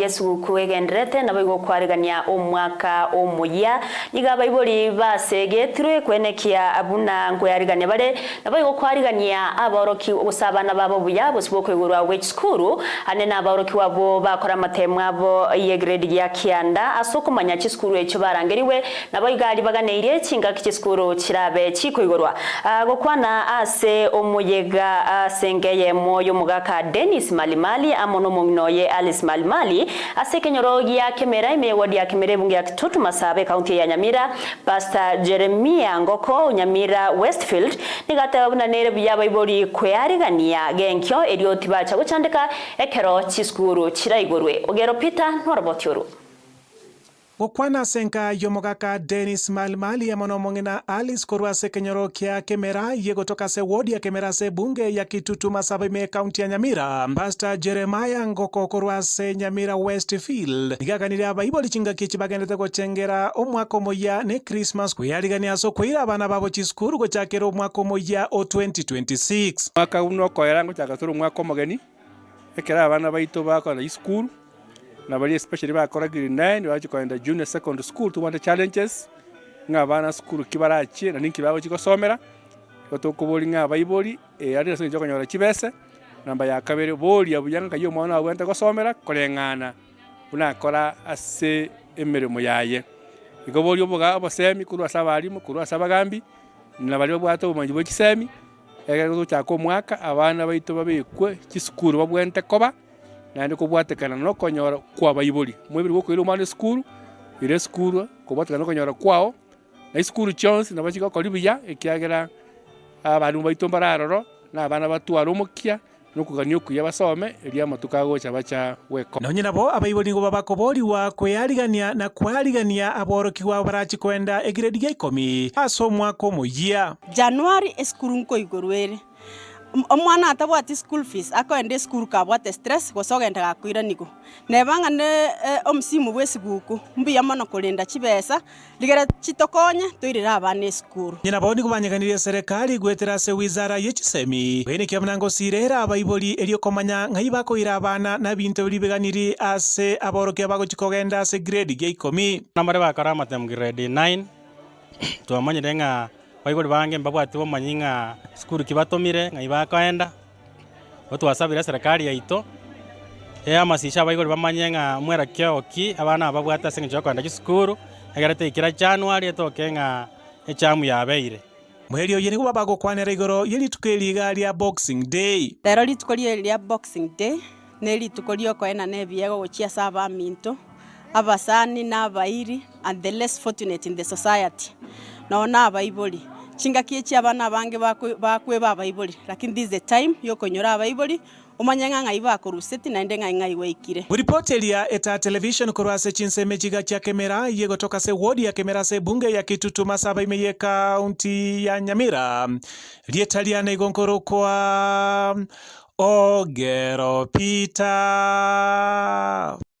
yesu kwegenderete nabo igokwarigania omwaka omuya iga baibori basegetirwe kwenekia abuna ngweyarigania bare nabo igokwarigania aboroki obusabana babo buya bosi bokwigurwa school ane na abaroki wabo bakora amatemu abo ye grade ya kianda ase okomanya chisukuru echo barangeriwe nabo igari baganeirie chingaki chisukuru chirabe chikoigorwa gokwana ase omuyega asengeye moyo mugaka Dennis Malimali amono ye Alice Malimali ase kenyorogi ya kemera ime wadi ya kemere bunge ya kitutu masabe kaunti ya nyamira pastor jeremia ngoko nyamira westfield nigata wabuna nere biyaba ibori kwearigania genkyo erioti tibacha guchandika ekero chira igurwe ogero peter norobotioru gokwana senka yomogaka denis malimali mongina alice korwa se kenyoro kia kemera yegotoka gotoka se wodi ya kemera se bunge ya kitutuma sabime kaunti ya nyamira pastor jeremiah ngoko korwa se nyamira westfield nigakanire abaiboli chingaki bagendete gochengera omwaka omoya ne christmas kwiyarigania so kwira abana babo chisukuru gochakera omwaka omoya o 2026 mwaka uno okoera ngochaka turi omwaka omogeni ekera abana baito bakona isukuru na bali especially ba bakora grade ba bachi kwenda junior second school tu wanda challenges nga bana school kibara kibarachi na ninki somera chikosomera otokobori nga ba baibori e ari nasenje nyora chibese namba ya kabere bori abuyanga yo mwana somera abwente gosomera korengana kora ase emirimo yaye igo bori obuga obosemi kurwa sabarimu kurwa sabagambi nabali obwato obumanyi bw'ekisemi egere gochaka omwaka abana baito babikwe chisukuru babwente koba na ndi kubwatekana no konyora kwa baibuli mwibiri kwira umwana esukuru ire esukuru kubwatekana no konyora kwao na chance na ah, nabo kwa libya ekiagera abantu baito mbararoro na abana batwara omokia nokugania okuya basome eria amatuko agocha bacha weko nonye nabo abaibori nigo babakoboriwa kweyarigania na kwarigania kiwa barachi kwenda egredi gia ikomi ase omwaka moyia january esukuru nko igorwere omwana atabwati school fees akoende esukuru kabwate stress gose ogende gakwira nigo nebang'ane eh, omusimu bwa esiguku mbuya mono korenda chibesa ligera chitokonye toire abana esukuru nyina bao nigo serikali gwetera ase wizara ya echisemi bene kia mnango sirera abaibori eriokomanya ng'ai bakoira abana na binto bibeganiri ase aborokia bagochikogenda ase grade gia ikomi namare bakara amatemgi grade 9 twamanyire baigori bange mbabwati bomonyi ng'a sukuru kibatomire batomire ng'ai bakoenda igo yaito e abaigori bamanye ng'a mwera kioki abana babwate ase eng'encho ya okoenda gisukuru egere taikera januari etoke ng'a echamu yabeire mweri oyo nigo babagokwanera igoro ya rituko eriiga ria boxing day rero rituko rieri ria boxing day na rituko riokoena na ebiego gochia ase abaminto abasani na abairi and the less fortunate in the society nao na chinga chingakie chia abana bange bakwe babaiburi lakini this is the time yokunyora abaiburi umanye ng'ang'ai bakoruseti naende ng'ai ng'ai waikire ripoteri eta television korwase chinseme chiga chia kemera ye gotoka se wodi ya kemera se bunge ya kitutu masaba ime ye kaunti ya nyamira rietaliana igonkoro kwa ogero pita